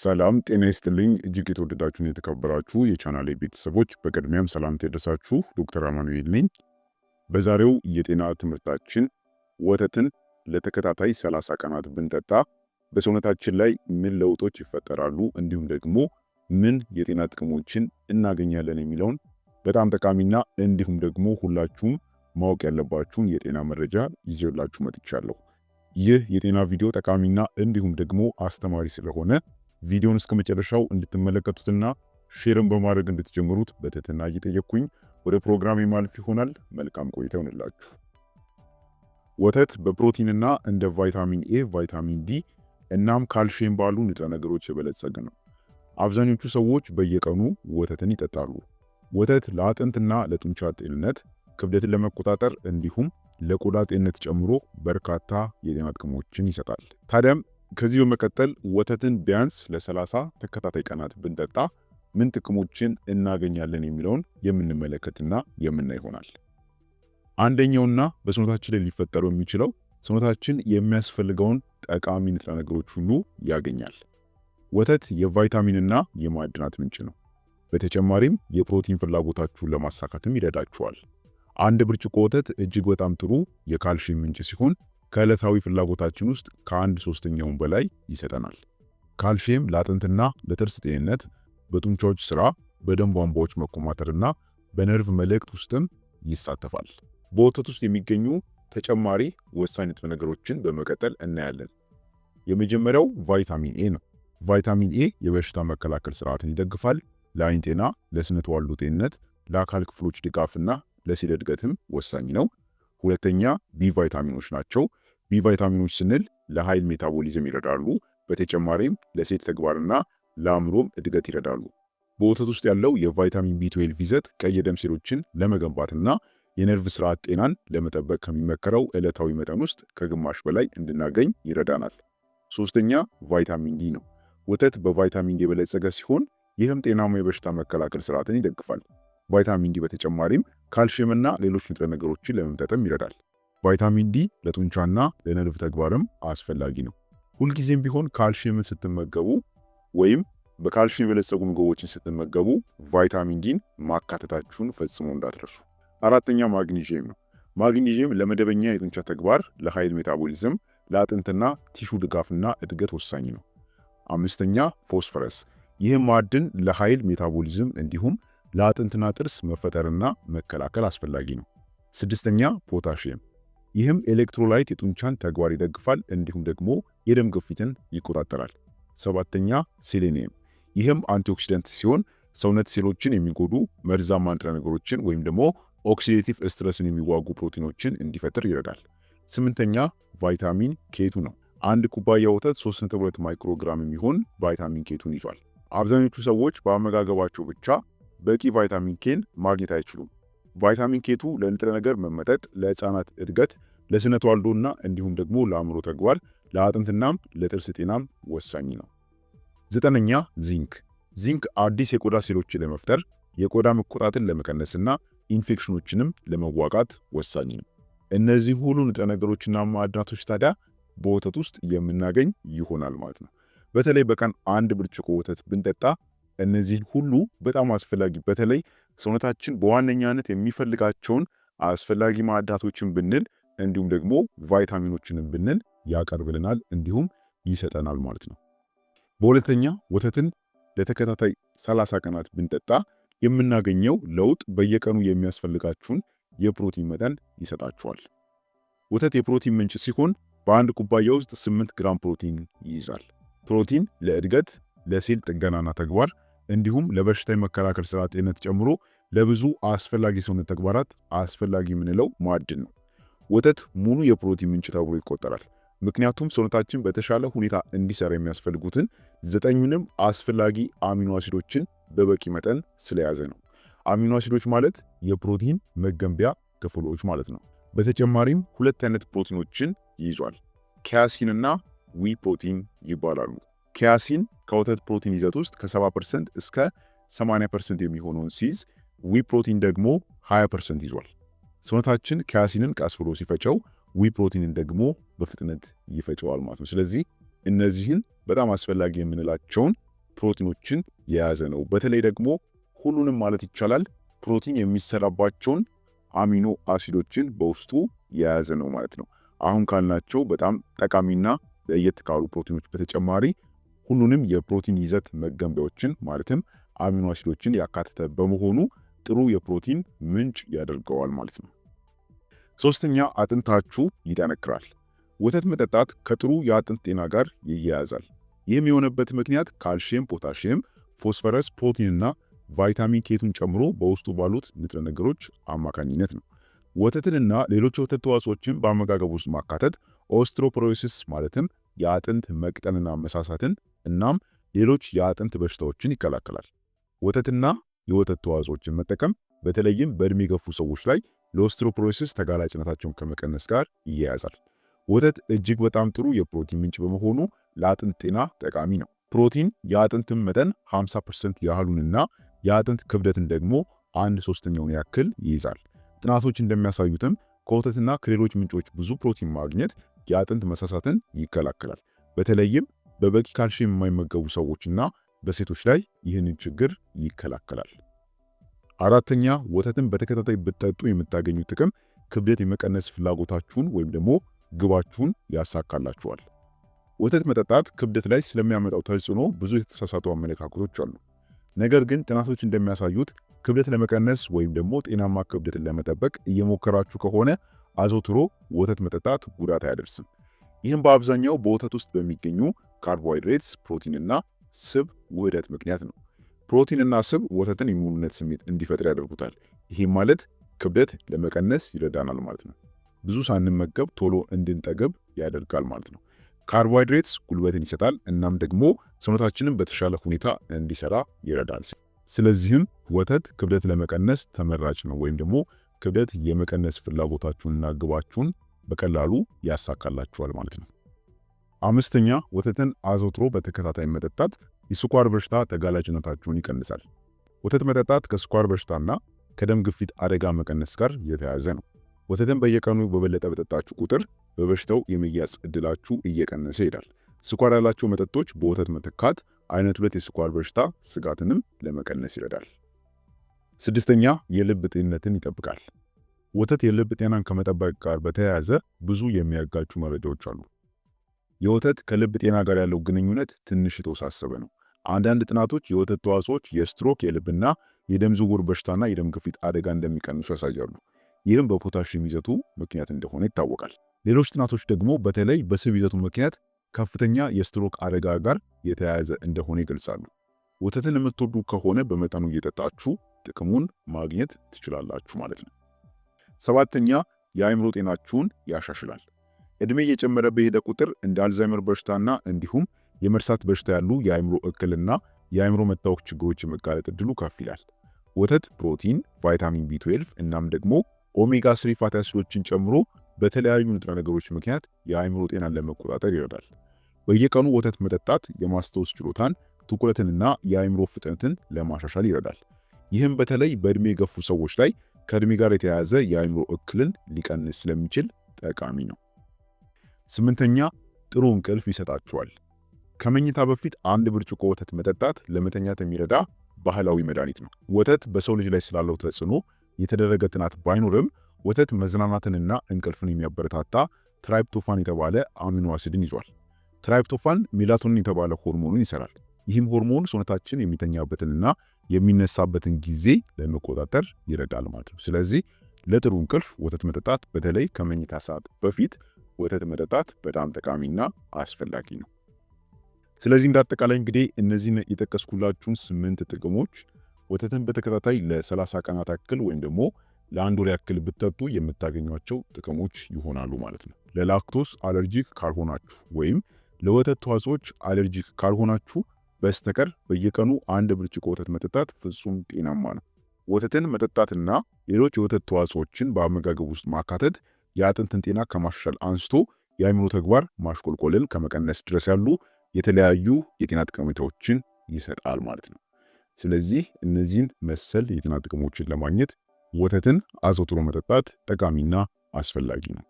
ሰላም ጤና ይስጥልኝ። እጅግ የተወደዳችሁን የተከበራችሁ የቻናሌ ቤተሰቦች በቅድሚያም ሰላምታ ይድረሳችሁ። ዶክተር አማኑኤል ነኝ። በዛሬው የጤና ትምህርታችን ወተትን ለተከታታይ 30 ቀናት ብንጠጣ በሰውነታችን ላይ ምን ለውጦች ይፈጠራሉ እንዲሁም ደግሞ ምን የጤና ጥቅሞችን እናገኛለን የሚለውን በጣም ጠቃሚና እንዲሁም ደግሞ ሁላችሁም ማወቅ ያለባችሁን የጤና መረጃ ይዤላችሁ መጥቻለሁ። ይህ የጤና ቪዲዮ ጠቃሚና እንዲሁም ደግሞ አስተማሪ ስለሆነ ቪዲዮን እስከ መጨረሻው እንድትመለከቱትና ሼርን በማድረግ እንድትጀምሩት በትህትና እየጠየቅኩኝ ወደ ፕሮግራም የማልፍ ይሆናል። መልካም ቆይታ ይሆንላችሁ። ወተት በፕሮቲንና እንደ ቫይታሚን ኤ፣ ቫይታሚን ዲ እናም ካልሽየም ባሉ ንጥረ ነገሮች የበለጸገ ነው። አብዛኞቹ ሰዎች በየቀኑ ወተትን ይጠጣሉ። ወተት ለአጥንትና ለጡንቻ ጤንነት፣ ክብደትን ለመቆጣጠር እንዲሁም ለቆዳ ጤንነት ጨምሮ በርካታ የጤና ጥቅሞችን ይሰጣል። ታዲያም ከዚህ በመቀጠል ወተትን ቢያንስ ለሰላሳ ተከታታይ ቀናት ብንጠጣ ምን ጥቅሞችን እናገኛለን የሚለውን የምንመለከትና የምናይ ይሆናል። አንደኛውና በሰውነታችን ላይ ሊፈጠረው የሚችለው ሰውነታችን የሚያስፈልገውን ጠቃሚ ንጥረ ነገሮች ሁሉ ያገኛል። ወተት የቫይታሚንና የማዕድናት ምንጭ ነው። በተጨማሪም የፕሮቲን ፍላጎታችሁን ለማሳካትም ይረዳችኋል። አንድ ብርጭቆ ወተት እጅግ በጣም ጥሩ የካልሽየም ምንጭ ሲሆን ከዕለታዊ ፍላጎታችን ውስጥ ከአንድ ሶስተኛውን በላይ ይሰጠናል። ካልሲየም ለአጥንትና ለጥርስ ጤንነት፣ በጡንቻዎች ስራ፣ በደም ቧንቧዎች መኮማተርና በነርቭ መልእክት ውስጥም ይሳተፋል። በወተት ውስጥ የሚገኙ ተጨማሪ ወሳኝ ንጥረ ነገሮችን በመቀጠል እናያለን። የመጀመሪያው ቫይታሚን ኤ ነው። ቫይታሚን ኤ የበሽታ መከላከል ስርዓትን ይደግፋል። ለአይን ጤና፣ ለስነ ተዋልዶ ጤንነት፣ ለአካል ክፍሎች ድጋፍና ለሴል እድገትም ወሳኝ ነው። ሁለተኛ ቢ ቫይታሚኖች ናቸው። ቢ ቫይታሚኖች ስንል ለኃይል ሜታቦሊዝም ይረዳሉ። በተጨማሪም ለሴት ተግባርና ለአእምሮም እድገት ይረዳሉ። በወተት ውስጥ ያለው የቫይታሚን ቢ12 ይዘት ቀይ ደም ሴሎችን ለመገንባትና የነርቭ ስርዓት ጤናን ለመጠበቅ ከሚመከረው ዕለታዊ መጠን ውስጥ ከግማሽ በላይ እንድናገኝ ይረዳናል። ሶስተኛ ቫይታሚን ዲ ነው። ወተት በቫይታሚን ዲ የበለጸገ ሲሆን ይህም ጤናማ የበሽታ መከላከል ስርዓትን ይደግፋል። ቫይታሚን ዲ በተጨማሪም ካልሽየምና ሌሎች ንጥረ ነገሮችን ለመምጠጥም ይረዳል። ቫይታሚን ዲ ለጡንቻና ለነርቭ ተግባርም አስፈላጊ ነው። ሁልጊዜም ቢሆን ካልሽየምን ስትመገቡ ወይም በካልሽየም የበለጸጉ ምግቦችን ስትመገቡ ቫይታሚን ዲን ማካተታችሁን ፈጽሞ እንዳትረሱ። አራተኛ ማግኒዥየም ነው። ማግኒዥየም ለመደበኛ የጡንቻ ተግባር፣ ለኃይል ሜታቦሊዝም፣ ለአጥንትና ቲሹ ድጋፍና እድገት ወሳኝ ነው። አምስተኛ ፎስፈረስ። ይህም ማዕድን ለኃይል ሜታቦሊዝም እንዲሁም ለአጥንትና ጥርስ መፈጠርና መከላከል አስፈላጊ ነው። ስድስተኛ ፖታሽየም ይህም ኤሌክትሮላይት የጡንቻን ተግባር ይደግፋል፣ እንዲሁም ደግሞ የደም ግፊትን ይቆጣጠራል። ሰባተኛ ሴሌኒየም፣ ይህም አንቲኦክሲደንት ሲሆን ሰውነት ሴሎችን የሚጎዱ መርዛማ ንጥረ ነገሮችን ወይም ደግሞ ኦክሲዴቲቭ ስትረስን የሚዋጉ ፕሮቲኖችን እንዲፈጥር ይረዳል። ስምንተኛ ቫይታሚን ኬቱ ነው። አንድ ኩባያ ወተት 3.2 ማይክሮግራም የሚሆን ቫይታሚን ኬቱን ይዟል። አብዛኞቹ ሰዎች በአመጋገባቸው ብቻ በቂ ቫይታሚን ኬን ማግኘት አይችሉም። ቫይታሚን ኬቱ ለንጥረ ነገር መመጠጥ፣ ለህፃናት እድገት፣ ለስነ ተዋልዶና እንዲሁም ደግሞ ለአእምሮ ተግባር፣ ለአጥንትናም ለጥርስ ጤናም ወሳኝ ነው። ዘጠነኛ ዚንክ። ዚንክ አዲስ የቆዳ ሴሎችን ለመፍጠር የቆዳ መቆጣትን ለመቀነስና ኢንፌክሽኖችንም ለመዋጋት ወሳኝ ነው። እነዚህ ሁሉ ንጥረ ነገሮችና ማዕድናቶች ታዲያ በወተት ውስጥ የምናገኝ ይሆናል ማለት ነው። በተለይ በቀን አንድ ብርጭቆ ወተት ብንጠጣ እነዚህ ሁሉ በጣም አስፈላጊ በተለይ ሰውነታችን በዋነኛነት የሚፈልጋቸውን አስፈላጊ ማዕዳቶችን ብንል እንዲሁም ደግሞ ቫይታሚኖችንም ብንል ያቀርብልናል እንዲሁም ይሰጠናል ማለት ነው። በሁለተኛ ወተትን ለተከታታይ 30 ቀናት ብንጠጣ የምናገኘው ለውጥ በየቀኑ የሚያስፈልጋችሁን የፕሮቲን መጠን ይሰጣችኋል። ወተት የፕሮቲን ምንጭ ሲሆን በአንድ ኩባያ ውስጥ 8 ግራም ፕሮቲን ይይዛል። ፕሮቲን ለእድገት ለሴል ጥገናና ተግባር እንዲሁም ለበሽታ የመከላከል ስርዓት ጤንነት ጨምሮ ለብዙ አስፈላጊ ሰውነት ተግባራት አስፈላጊ የምንለው ማዕድን ነው። ወተት ሙሉ የፕሮቲን ምንጭ ተብሎ ይቆጠራል። ምክንያቱም ሰውነታችን በተሻለ ሁኔታ እንዲሰራ የሚያስፈልጉትን ዘጠኙንም አስፈላጊ አሚኖ አሲዶችን በበቂ መጠን ስለያዘ ነው። አሚኖ አሲዶች ማለት የፕሮቲን መገንቢያ ክፍሎች ማለት ነው። በተጨማሪም ሁለት አይነት ፕሮቲኖችን ይይዟል። ኪያሲን እና ዊ ፕሮቲን ይባላሉ። ኪያሲን ከወተት ፕሮቲን ይዘት ውስጥ ከ70 ፐርሰንት እስከ 80 ፐርሰንት የሚሆነውን ሲይዝ ዊ ፕሮቲን ደግሞ 20 ፐርሰንት ይዟል። ሰውነታችን ኪያሲንን ቀስ ብሎ ሲፈጨው ዊ ፕሮቲንን ደግሞ በፍጥነት ይፈጨዋል ማለት ነው። ስለዚህ እነዚህን በጣም አስፈላጊ የምንላቸውን ፕሮቲኖችን የያዘ ነው። በተለይ ደግሞ ሁሉንም ማለት ይቻላል ፕሮቲን የሚሰራባቸውን አሚኖ አሲዶችን በውስጡ የያዘ ነው ማለት ነው። አሁን ካልናቸው በጣም ጠቃሚና ለየት ካሉ ፕሮቲኖች በተጨማሪ ሁሉንም የፕሮቲን ይዘት መገንቢያዎችን ማለትም አሚኖ አሲዶችን ያካተተ በመሆኑ ጥሩ የፕሮቲን ምንጭ ያደርገዋል ማለት ነው። ሶስተኛ አጥንታችሁ ይጠነክራል። ወተት መጠጣት ከጥሩ የአጥንት ጤና ጋር ይያያዛል። ይህም የሆነበት ምክንያት ካልሽየም፣ ፖታሽየም፣ ፎስፈረስ፣ ፕሮቲንና ቫይታሚን ኬቱን ጨምሮ በውስጡ ባሉት ንጥረ ነገሮች አማካኝነት ነው። ወተትንና ሌሎች የወተት ተዋጽኦችን በአመጋገብ ውስጥ ማካተት ኦስትሮፖሮሲስ ማለትም የአጥንት መቅጠንና መሳሳትን እናም ሌሎች የአጥንት በሽታዎችን ይከላከላል። ወተትና የወተት ተዋጽኦችን መጠቀም በተለይም በእድሜ የገፉ ሰዎች ላይ ለኦስትሮፕሮሲስ ተጋላጭነታቸውን ከመቀነስ ጋር ይያያዛል። ወተት እጅግ በጣም ጥሩ የፕሮቲን ምንጭ በመሆኑ ለአጥንት ጤና ጠቃሚ ነው። ፕሮቲን የአጥንትን መጠን 50% ያህሉንና የአጥንት ክብደትን ደግሞ አንድ ሶስተኛውን ያክል ይይዛል። ጥናቶች እንደሚያሳዩትም ከወተትና ከሌሎች ምንጮች ብዙ ፕሮቲን ማግኘት የአጥንት መሳሳትን ይከላከላል። በተለይም በበቂ ካልሲየም የማይመገቡ ሰዎችና በሴቶች ላይ ይህንን ችግር ይከላከላል። አራተኛ ወተትን በተከታታይ ብትጠጡ የምታገኙ ጥቅም ክብደት የመቀነስ ፍላጎታችሁን ወይም ደግሞ ግባችሁን ያሳካላችኋል። ወተት መጠጣት ክብደት ላይ ስለሚያመጣው ተጽዕኖ ብዙ የተሳሳቱ አመለካከቶች አሉ። ነገር ግን ጥናቶች እንደሚያሳዩት ክብደት ለመቀነስ ወይም ደግሞ ጤናማ ክብደትን ለመጠበቅ እየሞከራችሁ ከሆነ አዘውትሮ ወተት መጠጣት ጉዳት አያደርስም። ይህም በአብዛኛው በወተት ውስጥ በሚገኙ ካርቦሃይድሬትስ፣ ፕሮቲንና ስብ ውህደት ምክንያት ነው። ፕሮቲንና ስብ ወተትን የሙሉነት ስሜት እንዲፈጥር ያደርጉታል። ይህም ማለት ክብደት ለመቀነስ ይረዳናል ማለት ነው። ብዙ ሳንመገብ ቶሎ እንድንጠገብ ያደርጋል ማለት ነው። ካርቦሃይድሬትስ ጉልበትን ይሰጣል፣ እናም ደግሞ ሰውነታችንን በተሻለ ሁኔታ እንዲሰራ ይረዳል። ስለዚህም ወተት ክብደት ለመቀነስ ተመራጭ ነው፣ ወይም ደግሞ ክብደት የመቀነስ ፍላጎታችሁንና ግባችሁን በቀላሉ ያሳካላችኋል ማለት ነው። አምስተኛ ወተትን አዘውትሮ በተከታታይ መጠጣት የስኳር በሽታ ተጋላጭነታችሁን ይቀንሳል። ወተት መጠጣት ከስኳር በሽታና ከደም ግፊት አደጋ መቀነስ ጋር የተያያዘ ነው። ወተትን በየቀኑ በበለጠ በጠጣችሁ ቁጥር በበሽታው የመያዝ እድላችሁ እየቀነሰ ይሄዳል። ስኳር ያላቸው መጠጦች በወተት መተካት አይነት ሁለት የስኳር በሽታ ስጋትንም ለመቀነስ ይረዳል። ስድስተኛ የልብ ጤንነትን ይጠብቃል። ወተት የልብ ጤናን ከመጠበቅ ጋር በተያያዘ ብዙ የሚያጋጩ መረጃዎች አሉ። የወተት ከልብ ጤና ጋር ያለው ግንኙነት ትንሽ የተወሳሰበ ነው። አንዳንድ ጥናቶች የወተት ተዋጽኦች የስትሮክ የልብና የደም ዝውውር በሽታና የደም ግፊት አደጋ እንደሚቀንሱ ያሳያሉ። ይህም በፖታሽም ይዘቱ ምክንያት እንደሆነ ይታወቃል። ሌሎች ጥናቶች ደግሞ በተለይ በስብ ይዘቱ ምክንያት ከፍተኛ የስትሮክ አደጋ ጋር የተያያዘ እንደሆነ ይገልጻሉ። ወተትን የምትወዱ ከሆነ በመጠኑ እየጠጣችሁ ጥቅሙን ማግኘት ትችላላችሁ ማለት ነው። ሰባተኛ የአእምሮ ጤናችሁን ያሻሽላል። እድሜ እየጨመረ በሄደ ቁጥር እንደ አልዛይመር በሽታና እንዲሁም የመርሳት በሽታ ያሉ የአእምሮ እክልና የአእምሮ መታወክ ችግሮች የመጋለጥ እድሉ ከፍ ይላል። ወተት ፕሮቲን፣ ቫይታሚን ቢ12 እናም ደግሞ ኦሜጋ 3 ፋቲ አሲዶችን ጨምሮ በተለያዩ ንጥረ ነገሮች ምክንያት የአእምሮ ጤናን ለመቆጣጠር ይረዳል። በየቀኑ ወተት መጠጣት የማስታወስ ችሎታን፣ ትኩረትንና የአእምሮ ፍጥነትን ለማሻሻል ይረዳል። ይህም በተለይ በእድሜ የገፉ ሰዎች ላይ ከእድሜ ጋር የተያያዘ የአእምሮ እክልን ሊቀንስ ስለሚችል ጠቃሚ ነው። ስምንተኛ ጥሩ እንቅልፍ ይሰጣችኋል። ከመኝታ በፊት አንድ ብርጭቆ ወተት መጠጣት ለመተኛት የሚረዳ ባህላዊ መድኃኒት ነው። ወተት በሰው ልጅ ላይ ስላለው ተጽዕኖ የተደረገ ጥናት ባይኖርም ወተት መዝናናትንና እንቅልፍን የሚያበረታታ ትራይፕቶፋን የተባለ አሚኖ አሲድን ይዟል። ትራይፕቶፋን ሜላቶኒን የተባለ ሆርሞኑን ይሰራል። ይህም ሆርሞን ሰውነታችን የሚተኛበትንና የሚነሳበትን ጊዜ ለመቆጣጠር ይረዳል ማለት ነው። ስለዚህ ለጥሩ እንቅልፍ ወተት መጠጣት በተለይ ከመኝታ ሰዓት በፊት ወተት መጠጣት በጣም ጠቃሚና አስፈላጊ ነው። ስለዚህ እንዳጠቃላይ እንግዲህ እነዚህን የጠቀስኩላችሁን ስምንት ጥቅሞች ወተትን በተከታታይ ለ30 ቀናት ያክል ወይም ደግሞ ለአንድ ወር ያክል ብትጠጡ የምታገኟቸው ጥቅሞች ይሆናሉ ማለት ነው። ለላክቶስ አለርጂክ ካልሆናችሁ ወይም ለወተት ተዋጽኦች አለርጂክ ካልሆናችሁ በስተቀር በየቀኑ አንድ ብርጭቆ ወተት መጠጣት ፍጹም ጤናማ ነው። ወተትን መጠጣትና ሌሎች የወተት ተዋጽኦችን በአመጋገብ ውስጥ ማካተት የአጥንትን ጤና ከማሻሻል አንስቶ የአይምሮ ተግባር ማሽቆልቆልን ከመቀነስ ድረስ ያሉ የተለያዩ የጤና ጠቀሜታዎችን ይሰጣል ማለት ነው። ስለዚህ እነዚህን መሰል የጤና ጥቅሞችን ለማግኘት ወተትን አዘውትሮ መጠጣት ጠቃሚና አስፈላጊ ነው።